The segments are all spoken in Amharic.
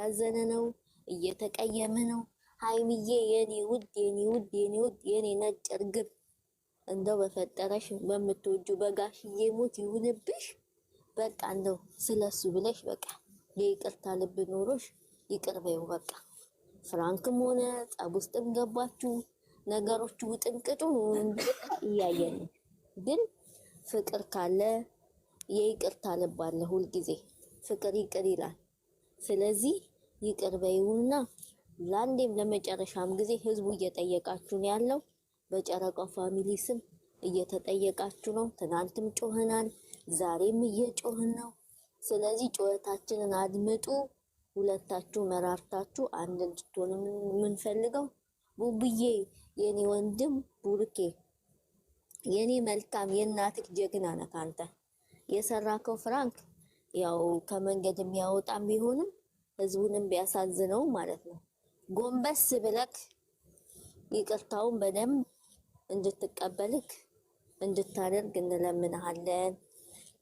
ያዘነ ነው፣ እየተቀየመ ነው። ሀይሚዬ የኔ ውድ የኔ ውድ የኔ ውድ የኔ ነጭ እርግብ እንደው በፈጠረሽ በምትወጁ በጋሽዬ ሞት ይሁንብሽ። በቃ እንደው ስለሱ ብለሽ በቃ የይቅርታ ልብ ኖሮሽ ይቅር በይው። በቃ ፍራንክም ሆነ ጸብ ውስጥም ገባችሁ ነገሮቹ ውጥንቅጡ እያየን ግን ፍቅር ካለ የይቅርታ ልብ አለ። ሁልጊዜ ፍቅር ይቅር ይላል። ስለዚህ ይቅር በይውና ለአንዴም ለመጨረሻም ጊዜ ህዝቡ እየጠየቃችሁ ነው ያለው። በጨረቃው ፋሚሊ ስም እየተጠየቃችሁ ነው። ትናንትም ጮህናል፣ ዛሬም እየጮህን ነው። ስለዚህ ጩኸታችንን አድምጡ። ሁለታችሁ መራርታችሁ አንድ እንድትሆኑ የምንፈልገው ቡብዬ፣ የኔ ወንድም ቡርኬ፣ የኔ መልካም የእናትህ ጀግና ነህ የሰራከው ፍራንክ ያው ከመንገድ የሚያወጣም ቢሆንም ህዝቡንም ቢያሳዝነው ማለት ነው። ጎንበስ ብለክ ይቅርታውን በደንብ እንድትቀበልክ እንድታደርግ እንለምንሃለን።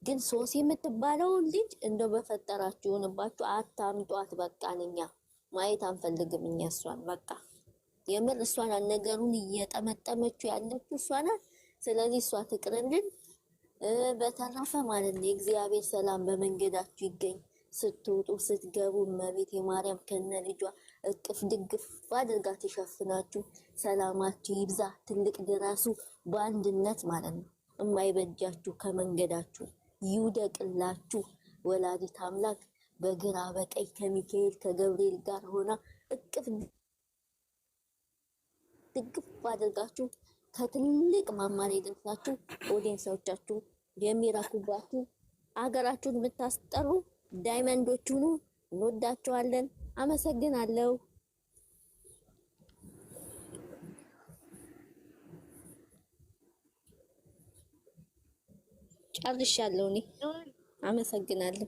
ግን ሶስ የምትባለው ልጅ እንደው በፈጠራችሁ ይሁንባችሁ፣ አታምጧት። በቃን እኛ ማየት አንፈልግም። እኛ እሷን በቃ የምር እሷና ነገሩን እየጠመጠመችው ያለችው እሷና። ስለዚህ እሷ ትቅርልን። በተረፈ ማለት ነው የእግዚአብሔር ሰላም በመንገዳችሁ ይገኝ። ስትውጡ ስትገቡ እመቤት የማርያም ከነ ልጇ እቅፍ ድግፍ አድርጋ ትሸፍናችሁ። ሰላማችሁ ይብዛ፣ ትልቅ ድረሱ፣ በአንድነት ማለት ነው። እማይበጃችሁ ከመንገዳችሁ ይውደቅላችሁ። ወላዲት አምላክ በግራ በቀኝ ከሚካኤል ከገብርኤል ጋር ሆና እቅፍ ድግፍ አድርጋችሁ ከትልቅ ማማ ላይ ደርሳችሁ ኦዲየንሶቻችሁ የሚራኩባችሁ አገራችሁን የምታስጠሩ ዳይመንዶች ሁኑ። እንወዳቸዋለን። አመሰግናለሁ። ጨርሻለሁ። እኔ አመሰግናለሁ።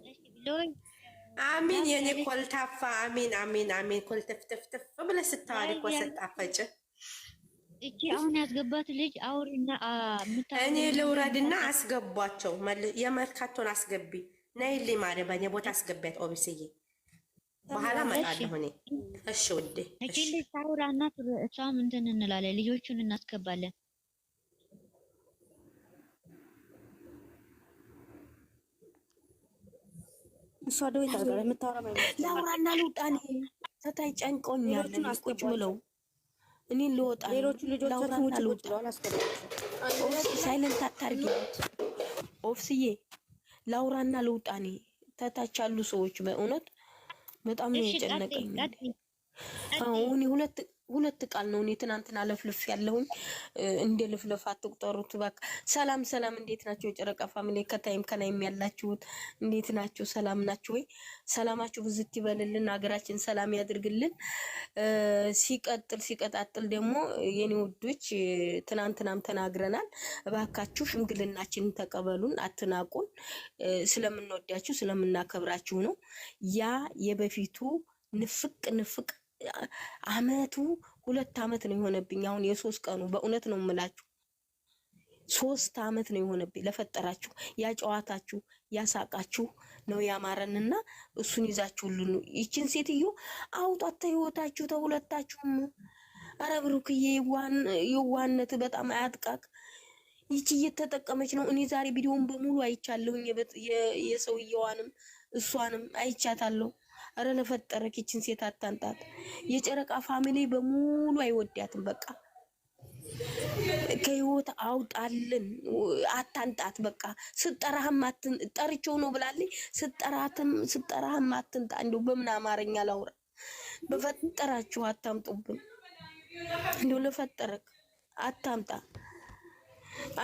አሚን የኔ ኮልታፋ። አሚን አሚን አሚን። ኮልተፍተፍተፍ ብለህ ስታወሪ እኮ ስታፈጭ እቺ አሁን ያስገባት ልጅ አውሪና እኔ ልውረድና አስገቧቸው። የመርካቶን አስገቢ ነይልኝ ማረበኛ ቦታ አስገቢያት። ኦቢስዬ በኋላ እመጣለሁ እኔ። እሺ ውዴ ታውራ እናት እሷም እንትን እንላለን፣ ልጆቹን እናስገባለን። እሷ ደው ይታገለ የምታወራ ላውራና ልውጣ። እኔ ተታይ ጨንቆኛል። ቁጭ ብለው እኔን ልወጣ ሌሎቹ ልጆች ላውራና ሳይለንት አታርጊ ኦፍስዬ ላውራና ልውጣኔ ተታች ያሉ ሰዎች በእውነት በጣም ነው የጨነቀኝ። አሁን ሁለት ሁለት ቃል ነው። እኔ ትናንትና ለፍልፍ ያለሁኝ እንደ ልፍልፍ አትቁጠሩት በቃ። ሰላም ሰላም፣ እንዴት ናቸው የጨረቃ ፋሚሊ? ከታይም ከናይም ያላችሁት እንዴት ናቸው? ሰላም ናችሁ ወይ? ሰላማችሁ ብዝት ይበልልን፣ ሀገራችን ሰላም ያድርግልን። ሲቀጥል ሲቀጣጥል ደግሞ የኔ ውዶች፣ ትናንትናም ተናግረናል። እባካችሁ ሽምግልናችንን ተቀበሉን፣ አትናቁን። ስለምንወዳችሁ ስለምናከብራችሁ ነው። ያ የበፊቱ ንፍቅ ንፍቅ አመቱ ሁለት አመት ነው የሆነብኝ። አሁን የሶስት ቀኑ በእውነት ነው የምላችሁ ሶስት አመት ነው የሆነብኝ። ለፈጠራችሁ ያጨዋታችሁ ያሳቃችሁ ነው ያማረንና እሱን ይዛችሁልን ይችን ሴትዮ አውጧት ተህይወታችሁ ተሁለታችሁም። አረ ብሩክዬ የዋነት በጣም አያጥቃቅ። ይቺ እየተጠቀመች ነው። እኔ ዛሬ ቪዲዮውን በሙሉ አይቻለሁኝ። የሰውየዋንም እሷንም አይቻታለሁ። አረ ለፈጠረ ኪችን ሴት አታንጣት። የጨረቃ ፋሚሊ በሙሉ አይወዳትም። በቃ ከህይወት አውጣልን፣ አታንጣት። በቃ ስጠራህም አትን ጠርቼው ነው ብላለች። ስጠራትም ስጠራህም አትንጣ። እንደው በምን አማርኛ ላውራ? በፈጠራችሁ አታምጡብን። እንደው ለፈጠረክ አታምጣ።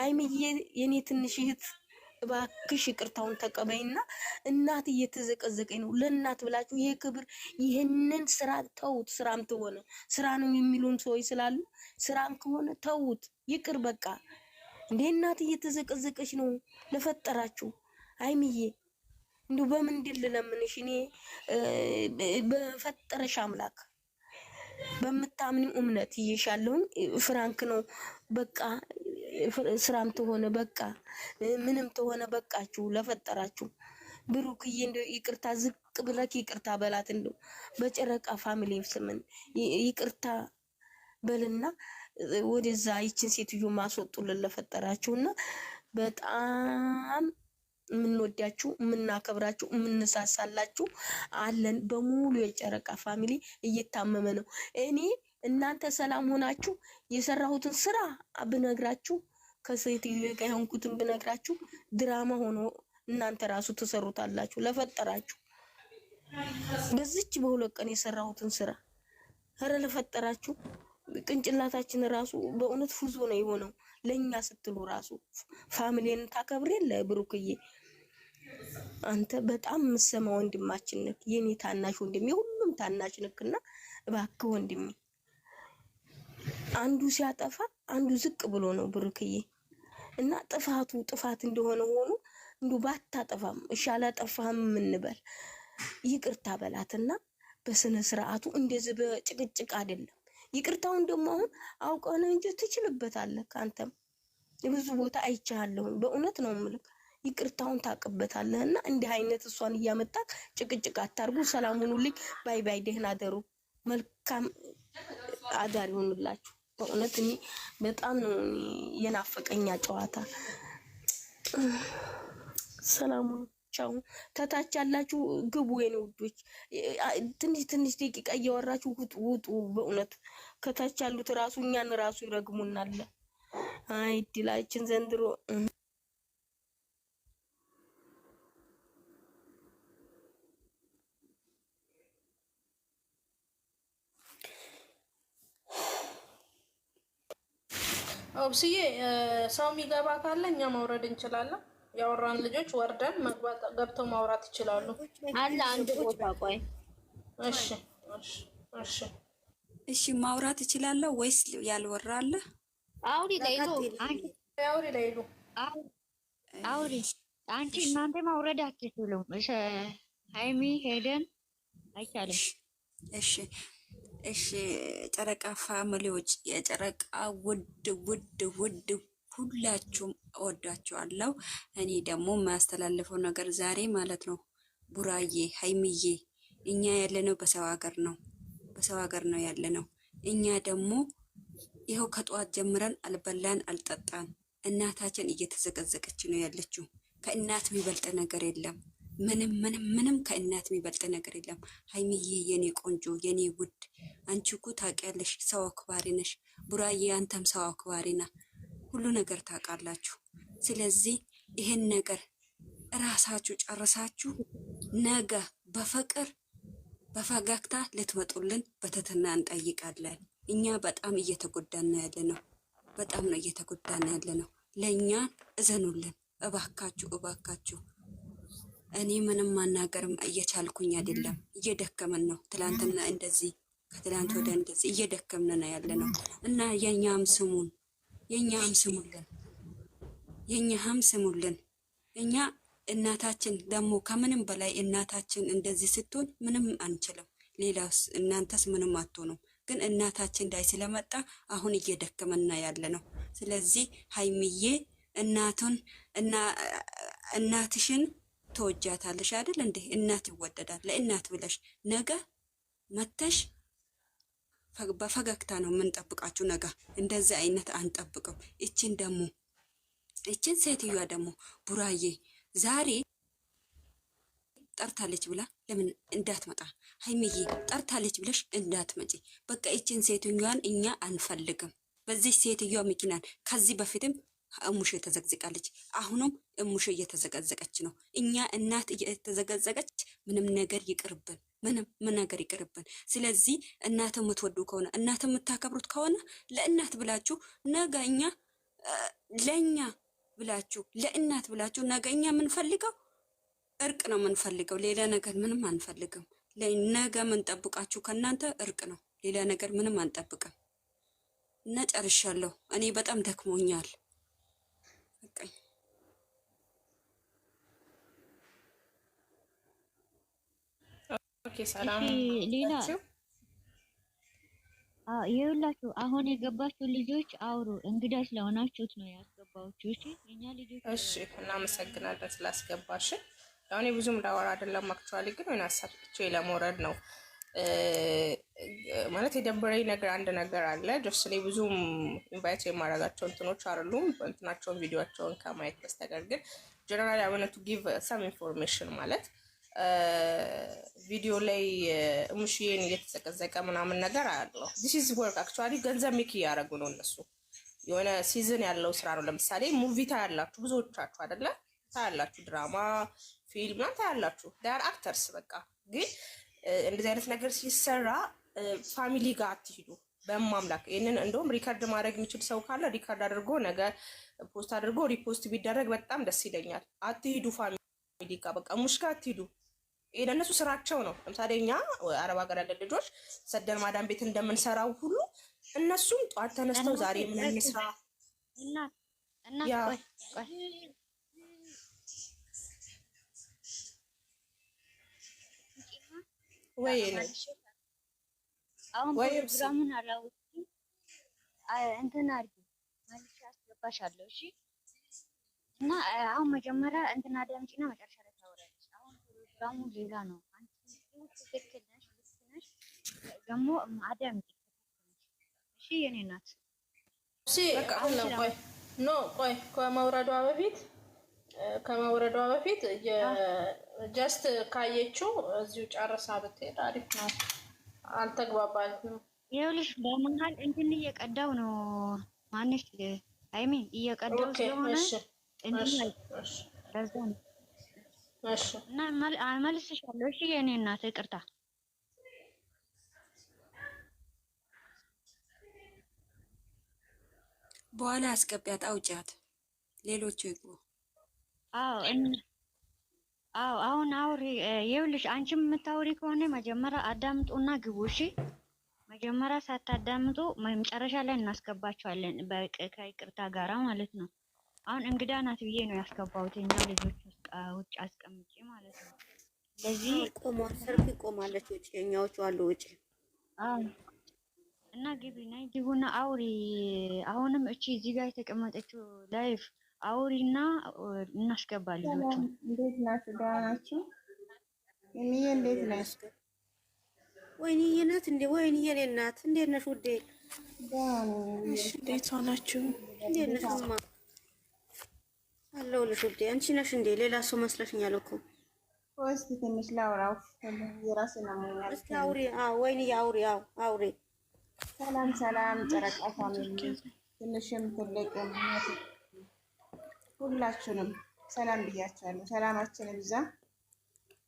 አይምዬ የኔ ትንሽ እህት እባክሽ ይቅርታውን ተቀበይና እናት እየተዘቀዘቀኝ ነው። ለእናት ብላችሁ ይሄ ክብር ይህንን ስራ ተውት። ስራም ትሆነ ስራ ነው የሚሉን ሰዎች ስላሉ ስራም ከሆነ ተውት፣ ይቅር በቃ። እንዴ እናት እየተዘቀዘቀች ነው። ለፈጠራችሁ አይምዬ እንዱ በምንድን ልለምንሽ እኔ በፈጠረሽ አምላክ በምታምኒ እምነት ይሻለውን ፍራንክ ነው በቃ ስራም ተሆነ በቃ ምንም ተሆነ በቃችሁ ለፈጠራችሁ። ብሩክዬ እንደው ይቅርታ ዝቅ ብለክ ይቅርታ በላት እንደው በጨረቃ ፋሚሊ ስምን ይቅርታ በልና ወደዛ ይችን ሴትዮ ማስወጡልን ለፈጠራችሁና በጣም የምንወዳችሁ የምናከብራችሁ የምንሳሳላችሁ አለን። በሙሉ የጨረቃ ፋሚሊ እየታመመ ነው እኔ እናንተ ሰላም ሆናችሁ የሰራሁትን ስራ ብነግራችሁ ከሴትዮ ጋር የሆንኩትን ብነግራችሁ ድራማ ሆኖ እናንተ ራሱ ትሰሩታላችሁ። ለፈጠራችሁ በዚች በሁለት ቀን የሰራሁትን ስራ ኧረ ለፈጠራችሁ ቅንጭላታችን ራሱ በእውነት ፉዞ ነው የሆነው። ለእኛ ስትሉ ራሱ ፋሚሊን ታከብሬ ለብሩክዬ አንተ በጣም ምሰማ ወንድማችን ነክ የኔ ታናሽ ወንድሜ፣ ሁሉም ታናሽ ነክና እባክህ ወንድሜ አንዱ ሲያጠፋ አንዱ ዝቅ ብሎ ነው ብሩክዬ። እና ጥፋቱ ጥፋት እንደሆነ ሆኖ እንዱ ባታጠፋም እሺ አላጠፋህም የምንበል ይቅርታ በላትና በስነ ስርዓቱ እንደዚህ በጭቅጭቅ አይደለም። ይቅርታውን ደግሞ አሁን አውቀው ነው እንጂ ትችልበታለህ። ከአንተም ብዙ ቦታ አይቻለሁ፣ በእውነት ነው የምልህ። ይቅርታውን ታውቅበታለህ። እና እንዲህ አይነት እሷን እያመጣ ጭቅጭቅ አታርጉ። ሰላም ሁኑልኝ። ባይ ባይ። ደህና አደሩ። መልካም አዳር ይሁንላችሁ። በእውነት እኔ በጣም ነው የናፈቀኛ ጨዋታ። ሰላሙ ቻው። ከታች ያላችሁ ግቡ የኔ ውዶች፣ ትንሽ ትንሽ ደቂቃ እያወራችሁ ውጡ ውጡ። በእውነት ከታች ያሉት ራሱ እኛን ራሱ ይረግሙናል። አይ እድላችን ዘንድሮ ኦብስዬ ሰው የሚገባ ካለ እኛ መውረድ እንችላለን። ያወራን ልጆች ወርደን መግባት ገብተው ማውራት ይችላሉ። አለ አንድ ቦታ ቆይ። እሺ፣ እሺ፣ እሺ፣ እሺ። ማውራት እችላለሁ ወይስ ያልወራ አለ? አውሪ ላይሉ፣ አውሪ ላይሉ፣ አውሪ አንቺ። እናንተ ማውረድ አትችሉም። እሺ፣ ሃይሚ ሄደን አይቻልም። እሺ እሺ ጨረቃ ፋሚሊዎች የጨረቃ ውድ ውድ ውድ ሁላችሁም እወዳችኋለሁ። እኔ ደግሞ የማያስተላልፈው ነገር ዛሬ ማለት ነው ቡራዬ፣ ሀይምዬ እኛ ያለነው በሰው ሀገር ነው፣ በሰው ሀገር ነው ያለነው። እኛ ደግሞ ይኸው ከጠዋት ጀምረን አልበላን አልጠጣን። እናታችን እየተዘቀዘቀች ነው ያለችው። ከእናት የሚበልጥ ነገር የለም። ምንም ምንም ምንም ከእናት የሚበልጥ ነገር የለም። ሀይሚዬ የኔ ቆንጆ የኔ ውድ አንቺ እኮ ታውቂያለሽ፣ ሰው አክባሪ ነሽ። ቡራዬ አንተም ሰው አክባሪ ና፣ ሁሉ ነገር ታውቃላችሁ። ስለዚህ ይሄን ነገር እራሳችሁ ጨርሳችሁ ነገ በፍቅር በፈገግታ ልትመጡልን በትህትና እንጠይቃለን። እኛ በጣም እየተጎዳ ነው ያለ ነው፣ በጣም ነው እየተጎዳን ያለ ነው። ለእኛ እዘኑልን እባካችሁ፣ እባካችሁ እኔ ምንም ማናገርም እየቻልኩኝ አይደለም፣ እየደከመን ነው። ትላንትና እንደዚህ ከትላንት ወደ እንደዚህ እየደከምን ነው ያለ ነው እና የኛም ስሙን የኛም ስሙልን የኛም ስሙልን እኛ እናታችን ደግሞ ከምንም በላይ እናታችን እንደዚህ ስትሆን ምንም አንችልም። ሌላውስ እናንተስ ምንም አትሆኑም። ግን እናታችን ላይ ስለመጣ አሁን እየደከመና ያለ ነው። ስለዚህ ሀይሚዬ እናቱን እና እናትሽን ተወጃታለሽ አይደል እንዴ? እናት ይወደዳል። ለእናት ብለሽ ነገ መተሽ በፈገግታ ነው የምንጠብቃችሁ። ነገ እንደዚህ አይነት አንጠብቅም። እችን ደግሞ እችን ሴትዮዋ ደግሞ ቡራዬ ዛሬ ጠርታለች ብላ ለምን እንዳትመጣ ሀይሚዬ ጠርታለች ብለሽ እንዳትመጪ። በቃ እችን ሴትዮዋን እኛ አንፈልግም። በዚህ ሴትዮዋ ምክንያት ከዚህ በፊትም እሙሽ ተዘግዝቃለች። አሁንም እሙሽ እየተዘቀዘቀች ነው። እኛ እናት እየተዘቀዘቀች ምንም ነገር ይቅርብን፣ ምንም ምን ነገር ይቅርብን። ስለዚህ እናት የምትወዱ ከሆነ እናት የምታከብሩት ከሆነ ለእናት ብላችሁ ነገ እኛ ለእኛ ብላችሁ ለእናት ብላችሁ ነገ እኛ የምንፈልገው እርቅ ነው የምንፈልገው። ሌላ ነገር ምንም አንፈልግም። ነገ የምንጠብቃችሁ ከእናንተ እርቅ ነው። ሌላ ነገር ምንም አንጠብቅም እና ጨርሻለሁ። እኔ በጣም ደክሞኛል። በቃኝ። ሌላ ይኸውላችሁ አሁን የገባችሁ ልጆች አውሩ። እንግዳ ስለሆናችሁት ነው ያስገባችሁ። እሺ፣ የኛ ልጆች እሺ። እናመሰግናለን ስላስገባሽ። አሁን ብዙም ላወራ አይደለም አክቹዋሊ፣ ግን ሆነ ሀሳብ ለመውረድ ነው ማለት የደበረኝ ነገር አንድ ነገር አለ። ጆስ ላይ ብዙም ኢንቫይት የማድረጋቸው እንትኖች አይደሉም እንትናቸውን ቪዲዮቸውን ከማየት በስተቀር ግን ጀነራል አመነቱ ጊቭ ሰም ኢንፎርሜሽን ማለት ቪዲዮ ላይ ሙሽዬን እየተዘቀዘቀ ምናምን ነገር አያለው። ዚስ ኢዝ ወርክ አክቹዋሊ ገንዘብ ሜክ እያደረጉ ነው እነሱ። የሆነ ሲዝን ያለው ስራ ነው። ለምሳሌ ሙቪ ታያላችሁ፣ ብዙዎቻችሁ አይደለ ታያላችሁ፣ ድራማ ፊልም ታያላችሁ። ዳር አክተርስ በቃ ግን እንደዚህ አይነት ነገር ሲሰራ ፋሚሊ ጋር አትሂዱ። በማምላክ ይህንን እንደውም ሪከርድ ማድረግ የሚችል ሰው ካለ ሪከርድ አድርጎ ነገ ፖስት አድርጎ ሪፖስት ቢደረግ በጣም ደስ ይለኛል። አትሂዱ ፋሚሊ ጋር በቃ ሙሽ ጋር አትሂዱ። ይህ ለእነሱ ስራቸው ነው። ለምሳሌ እኛ አረብ ሀገር ያለን ልጆች ሰደን ማዳም ቤት እንደምንሰራው ሁሉ እነሱም ጠዋት ተነስተው ዛሬ ምን እንስራ ወይ ነው አሁን ፕሮግራሙን አላወኩም። እንትን አድርጊ መልሼ አስገባሻለሁ። እሺ እና አሁን መጀመሪያ እንትን አዳምጪና መጨረሻ ላይ ታወራለች። አሁን ፕሮግራሙ ሌላ ነው። አንቺ ትክክል ነሽ፣ ልክ ነሽ። ደግሞ አዳምጪ እሺ የኔ ናት። እሺ በቃ አሁን ቆይ ኖ ቆይ ከመውረዷ በፊት ከመውረዷ በፊት ጀስት ካየችው እዚሁ ጨርሳ ብትሄድ አሪፍ ነው። አልተግባባልም። ይኸውልሽ በመሀል እንትን እየቀዳው ነው ማንሽ አይሚ እየቀዳው ስለሆነ ለዛ ነው እና መልስሻለሁ። እሺ የኔ እናት ይቅርታ። በኋላ አስገቢያት፣ አውጪያት ሌሎቹ ይግቡ። አዎ አዎ አሁን አውሪ ይኸውልሽ፣ አንቺ የምታውሪ ከሆነ መጀመሪያ አዳምጡና ግቡ። እሺ፣ መጀመሪያ ሳታዳምጡ መጨረሻ ላይ እናስገባቸዋለን፣ ከይቅርታ ጋራ ማለት ነው። አሁን እንግዳ ናት ብዬ ነው ያስገባሁት። እኛ ልጆች ውጭ አስቀምጬ ማለት ነው። ለዚህ ሰርፍ ሰርግ ውጭ የኛዎቹ አሉ ውጭ። አዎ እና ግቢ ነይ፣ ግቡና አውሪ። አሁንም እቺ እዚህ ጋር የተቀመጠችው ላይፍ አውሪና እናስገባ ልጆቹ። እንዴት ናችሁ? ደህና ናችሁ? እንዴት ነሽ? እንዴ? እንዴት ነሽ ውዴ? እንዴት ናችሁ? እንዴት ነሽማ? አለሁልሽ ውዴ። አንቺ ነሽ እንዴ? ሌላ ሰው መስለሽኛል እኮ። እስኪ ትንሽ ላውራው። አውሪ። ወይንዬ አውሪ፣ አውሪ። ሰላም ሰላም፣ ጨረቃ ፋሚሊ ትንሽም ትልቅም ሁላችሁንም ሰላም ብያችኋለሁ። ሰላማችን ብዛ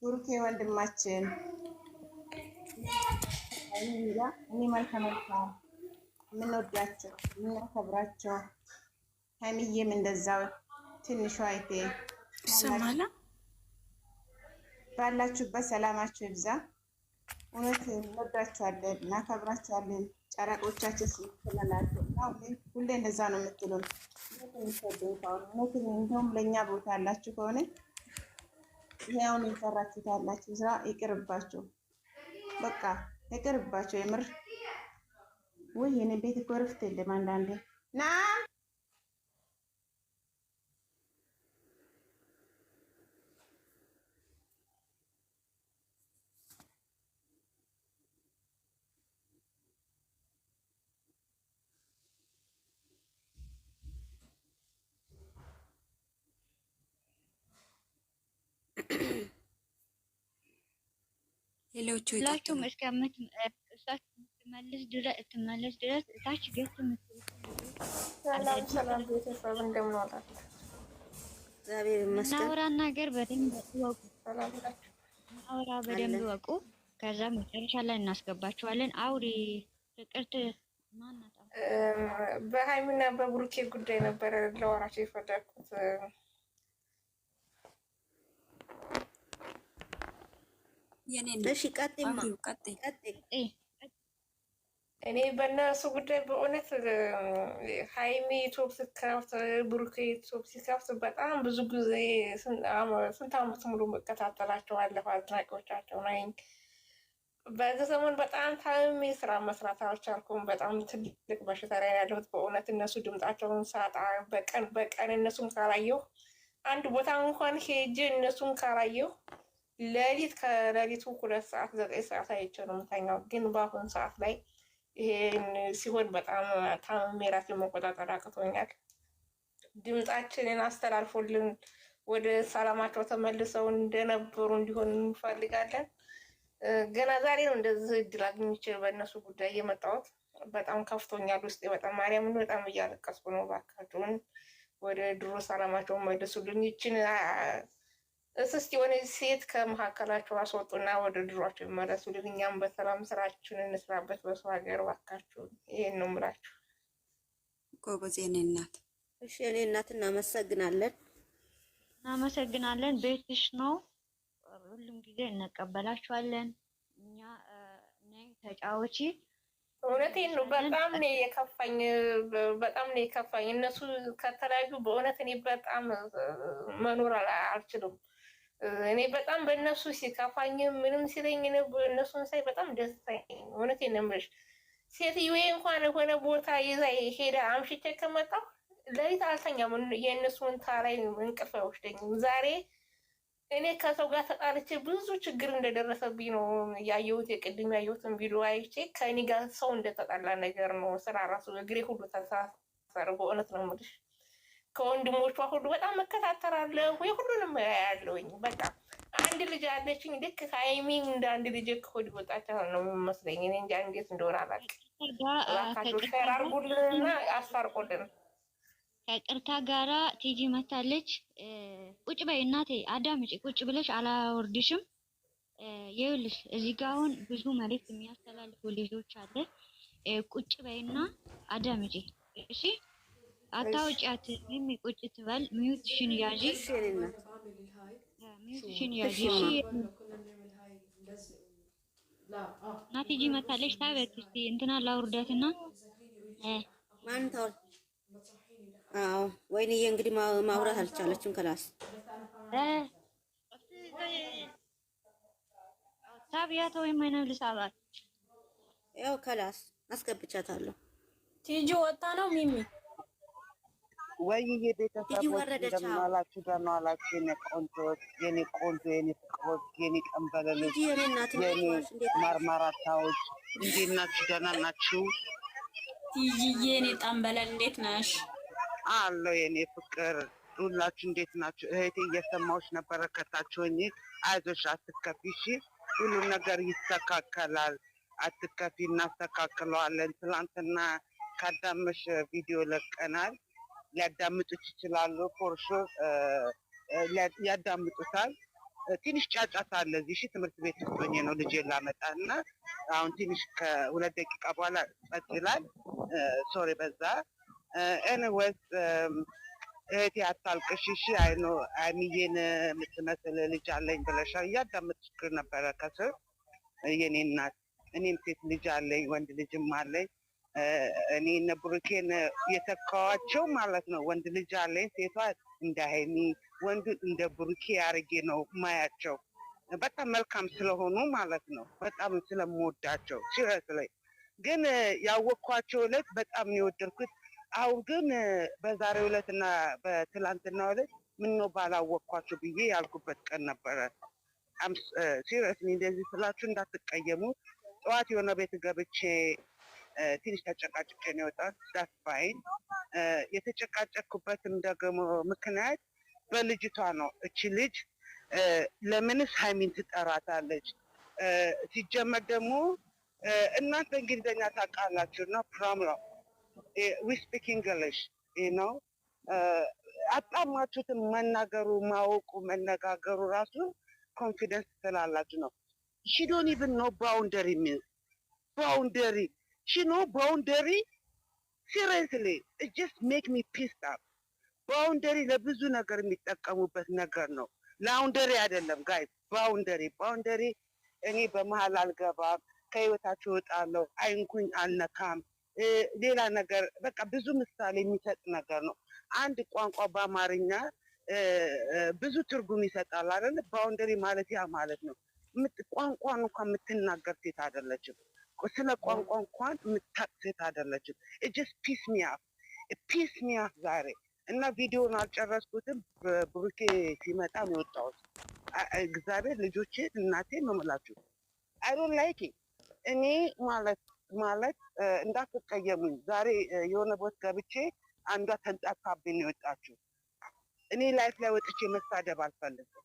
ቡርኬ ወንድማችን እኔ መልከ የምንወዳቸው የምናከብራቸው ሀይሚዬም እንደዛው ትንሹ አይቴ ባላችሁበት ሰላማችሁ ይብዛ። እውነት እንወዳችኋለን፣ እናከብራችኋለን። ጨረቆቻችን ስለላቸው እና ሁሌ እንደዛ ነው የምትሉን እውነት እንዲሁም ለእኛ ቦታ ያላችሁ ከሆነ ይሄ የሰራችሁት ያላችሁ ስራ ይቅርባችሁ፣ በቃ ይቅርባችሁ። የምር ውይ እኔ ቤት እኮ እረፍት የለም አንዳንዴ ና ሌሎቹ ሁላችሁም እስከምትመልስ ድረስ እታች ነገር በደንብ ወቁ፣ ምናወራ በደንብ ከዛ መጨረሻ ላይ እናስገባችኋለን። አውሪ ፍቅርት በሀይሚና በብሩኬ ጉዳይ ነበረ ለወራቸው የፈለኩት እኔ በእነሱ ጉዳይ በእውነት ሀይሚ ቶፕ ሲከፍት ብሩኬ ቶፕ ሲከፍት በጣም ብዙ ጊዜ ስንት ዓመት ሙሉ መከታተላቸዋለሁ። አድናቂዎቻቸው ነኝ። በዚህ ሰሞን በጣም ታምሜ ስራ መስራት አልቻልኩም። በጣም ትልቅ በሽታ ላይ ያለሁት በእውነት እነሱ ድምጣቸውን ሳጣ በቀን በቀን እነሱን ካላየሁ አንድ ቦታ እንኳን ሄጄ እነሱን ካላየሁ ሌሊት ከሌሊቱ ሁለት ሰዓት ዘጠኝ ሰዓት አይቼው ነው የምተኛው። ግን በአሁኑ ሰዓት ላይ ይሄን ሲሆን በጣም ታምሜ ራሴን መቆጣጠር አቅቶኛል። ድምጻችንን አስተላልፎልን ወደ ሰላማቸው ተመልሰው እንደነበሩ እንዲሆን እንፈልጋለን። ገና ዛሬ ነው እንደዚህ እድል አግኝቼ በእነሱ ጉዳይ የመጣሁት። በጣም ከፍቶኛል። ውስጤ በጣም ማርያምን በጣም እያለቀስኩ ነው። እባካችሁን ወደ ድሮ ሰላማቸውን መልሱልን። ይችን እስስቲ የሆነ ሴት ከመካከላቸው አስወጡና ወደ ድሯቸው ይመለሱ። እኛም በሰላም ስራችን እንስራበት በሰው ሀገር ባካችሁ። ይሄን ነው ምላችሁ። ጎበዝ የኔ እናት። እሺ የኔ እናት እናመሰግናለን፣ እናመሰግናለን። ቤትሽ ነው፣ ሁሉም ጊዜ እንቀበላችኋለን። እኛ ነኝ ተጫወቺ። እውነቴን ነው። በጣም ነው የከፋኝ፣ በጣም ነው የከፋኝ። እነሱ ከተለያዩ በእውነት እኔ በጣም መኖር አልችልም። እኔ በጣም በእነሱ ሲከፋኝም ምንም ሲለኝ እነሱን ሳይ በጣም ደስታኝ። እውነቴን ነው የምልሽ። ሴትዮዬ እንኳን የሆነ ቦታ ይዛ ሄደ አምሽቼ ከመጣሁ ለሊት አልተኛም። የእነሱን ታላይ እንቅልፍ አይወስደኝም። ዛሬ እኔ ከሰው ጋር ተጣልቼ ብዙ ችግር እንደደረሰብኝ ነው ያየሁት። የቅድም ያየሁትን ቪዲዮ አይቼ ከእኔ ጋር ሰው እንደተጣላ ነገር ነው። ስራ ራሱ እግሬ ሁሉ ተሳሰረ። በእውነት ነው የምልሽ ከወንድሞቿ ሁሉ በጣም መከታተራለሁ። የሁሉንም ያለውኝ በቃ አንድ ልጅ አለችኝ። ልክ ከሀይሚ እንደ አንድ ልጅ ከሆድ ወጣቸው ነው መስለኝ። እኔ እንጃ እንዴት እንደሆነ አላውቅም። ሸር አርጉልንና አስታርቁልን። ከቅርታ ጋራ ቲጂ መታለች። ቁጭ በይ እናቴ፣ አዳምጪ። ቁጭ ብለሽ አላወርድሽም። ይኸውልሽ እዚህ ጋ አሁን ብዙ መልዕክት የሚያስተላልፉ ልጆች አለ። ቁጭ በይና አዳምጪ እሺ። አታውቂያት የሚቆጭ ትበል ሚዩትሽን ያዢ ሚዩትሽን ያዢ ናቲጂ መታለች ታበት እስቲ እንትና ላውርዳት እና ማንታው ወይንዬ እንግዲህ ማውራት አልቻለችም ወይም አይነም ያው አስገብቻታለሁ ቲጂ ወጣ ነው ሚሚ ወይ ይሄ ቤተሰቦች እንደምን አላችሁ? ደህና አላችሁ? የኔ ቆንጆች፣ የኔ ቆንጆ፣ የኔ ፍቅሮች፣ የኔ ቀንበለሎች፣ የኔ ማርማራታዎች እንዴት ናችሁ? ደህና ናችሁ? ይዬ የኔ ጠንበለል እንዴት ነሽ? አለሁ የኔ ፍቅር፣ ሁላችሁ እንዴት ናችሁ? እህቴ እየሰማሁሽ ነበረ ከታችሁኝ። አይዞሽ፣ አትከፊ እሺ፣ ሁሉም ነገር ይስተካከላል። አትከፊ፣ እናስተካክለዋለን። ትላንትና ካዳመሽ ቪዲዮ ለቀናል። ሊያዳምጡት ይችላሉ። ኮርሶ ያዳምጡታል። ትንሽ ጫጫታ አለ እዚህ። እሺ ትምህርት ቤት ሆኜ ነው ልጄ ላመጣ እና አሁን ትንሽ ከሁለት ደቂቃ በኋላ ጸጥ ይላል። ሶሪ በዛ ኤኒዌይስ እህቴ አታልቅሽ እሺ። አይኖ አሚዬን የምትመስል ልጅ አለኝ ብለሻል። እያዳመጥኩሽ ነበረ ከስር የኔ እናት። እኔም ሴት ልጅ አለኝ ወንድ ልጅም አለኝ እኔ እነ ብሩኬን የተካዋቸው ማለት ነው። ወንድ ልጅ አለኝ፣ ሴቷ እንደ ሀይሚ ወንዱ እንደ ብሩኬ አርጌ ነው ማያቸው። በጣም መልካም ስለሆኑ ማለት ነው። በጣም ስለምወዳቸው ሲረት ላይ ግን ያወቅኳቸው ዕለት በጣም የወደድኩት አሁን ግን በዛሬው ዕለት እና በትላንትና ዕለት ምነው ባላወቅኳቸው ብዬ ያልኩበት ቀን ነበረ። ሲረት እንደዚህ ስላችሁ እንዳትቀየሙ። ጠዋት የሆነ ቤት ገብቼ ትንሽ ተጨቃጭቄ ነው የወጣሁት። ዳስፋይን ፋይን የተጨቃጨኩበትም ደግሞ ምክንያት በልጅቷ ነው። እቺ ልጅ ለምንስ ሀይሚን ትጠራታለች? ሲጀመር ደግሞ እናንተ እንግሊዝኛ ታውቃላችሁ ነው ፕሮምሎ ዊ ስፒክ እንግሊሽ ነው። አጣማችሁትን መናገሩ ማወቁ መነጋገሩ ራሱ ኮንፊደንስ ስላላችሁ ነው። ሺዶን ብን ነው ባውንደሪ ሚንስ ባውንደሪ she know boundary ሲሪየስሊ ጀስት ሜክ ሚ ፒስድ አፕ። ባውንደሪ ለብዙ ነገር የሚጠቀሙበት ነገር ነው። ላውንደሪ አይደለም ጋይ ባውንደሪ ባውንደሪ። እኔ በመሀል አልገባም፣ ከህይወታቸው እወጣለሁ፣ አይንኩኝ፣ አልነካም፣ ሌላ ነገር በቃ ብዙ ምሳሌ የሚሰጥ ነገር ነው። አንድ ቋንቋ በአማርኛ ብዙ ትርጉም ይሰጣል አይደለ? ባውንደሪ ማለት ያ ማለት ነው። ቋንቋን እንኳ የምትናገር ሴት አይደለችም። ስለ ቋንቋ እንኳን የምታቅ ሴት አይደለችም። እጅስ ፒስ ሚያፍ ፒስ ሚያፍ ዛሬ እና ቪዲዮን አልጨረስኩትም። ብሩኬ ሲመጣ ነው የወጣሁት። እግዚአብሔር ልጆቼ፣ እናቴ መምላችሁ አይዶን ላይክ እኔ ማለት ማለት እንዳትቀየሙኝ። ዛሬ የሆነ ቦት ገብቼ አንዷ ተንጣፋብኝ ነው የወጣችሁ። እኔ ላይፍ ላይ ወጥቼ መሳደብ አልፈልግም።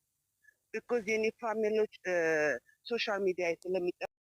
ቢኮዝ የኔ ፋሚሊዎች ሶሻል ሚዲያ ስለሚጠ